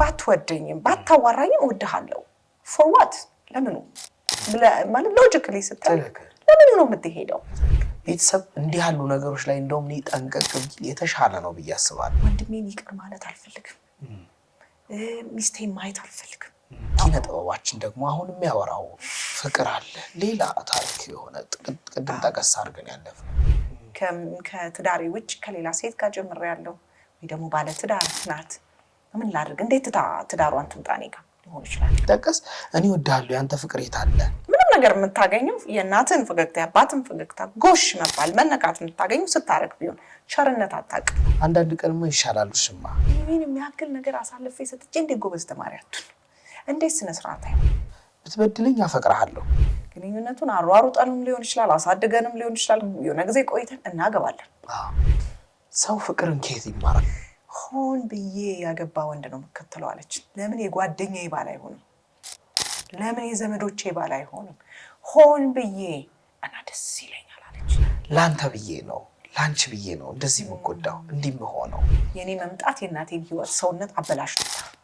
ባትወደኝም ባታዋራኝም እወድሃለሁ ፎር ዋት ለምኑ ማለት ሎጂካሊ ስታይ ለምኑ ነው የምትሄደው? ቤተሰብ እንዲህ ያሉ ነገሮች ላይ እንደውም እኔ ጠንቀቅ የተሻለ ነው ብዬ አስባለሁ። ወንድሜን ይቅር ማለት አልፈልግም፣ ሚስቴን ማየት አልፈልግም። ኪነ ጥበባችን ደግሞ አሁን የሚያወራው ፍቅር አለ፣ ሌላ ታሪክ የሆነ ቅድም ጠቀስ አድርገን ያለፍ ከትዳሬ ውጭ ከሌላ ሴት ጋር ጀምሬያለሁ ወይ ደግሞ ባለ ትዳር ናት ምን ላድርግ፣ እንዴት ትዳሯን ትምጣኔ ጋር ሊሆን ይችላል። ጠቀስ እኔ ወዳሉ ያንተ ፍቅር የት አለ? ምንም ነገር የምታገኘው የእናትን ፈገግታ የአባትን ፈገግታ ጎሽ መባል መነቃት የምታገኙ ስታረግ ቢሆን ቸርነት አታውቅም። አንዳንድ ቀድሞ ይሻላሉ። ሽማ ይህን የሚያክል ነገር አሳልፌ ሰጥቼ እንዴት ጎበዝ ተማሪ አትሆን? እንዴት ስነስርዓት አይሆን? ብትበድልኝ አፈቅርሃለሁ። ግንኙነቱን አሯሩጠንም ሊሆን ይችላል፣ አሳድገንም ሊሆን ይችላል። የሆነ ጊዜ ቆይተን እናገባለን። ሰው ፍቅርን ከየት ይማራል? ሆን ብዬ ያገባ ወንድ ነው የምከተለው አለች። ለምን የጓደኛዬ ባል አይሆንም? ለምን የዘመዶቼ ባል አይሆንም? ሆን ብዬ እና ደስ ይለኛል አለች። ለአንተ ብዬ ነው ለአንቺ ብዬ ነው እንደዚህ የምጎዳው እንዲህ የምሆነው። የእኔ መምጣት የእናቴን ህይወት ሰውነት አበላሽቶታል።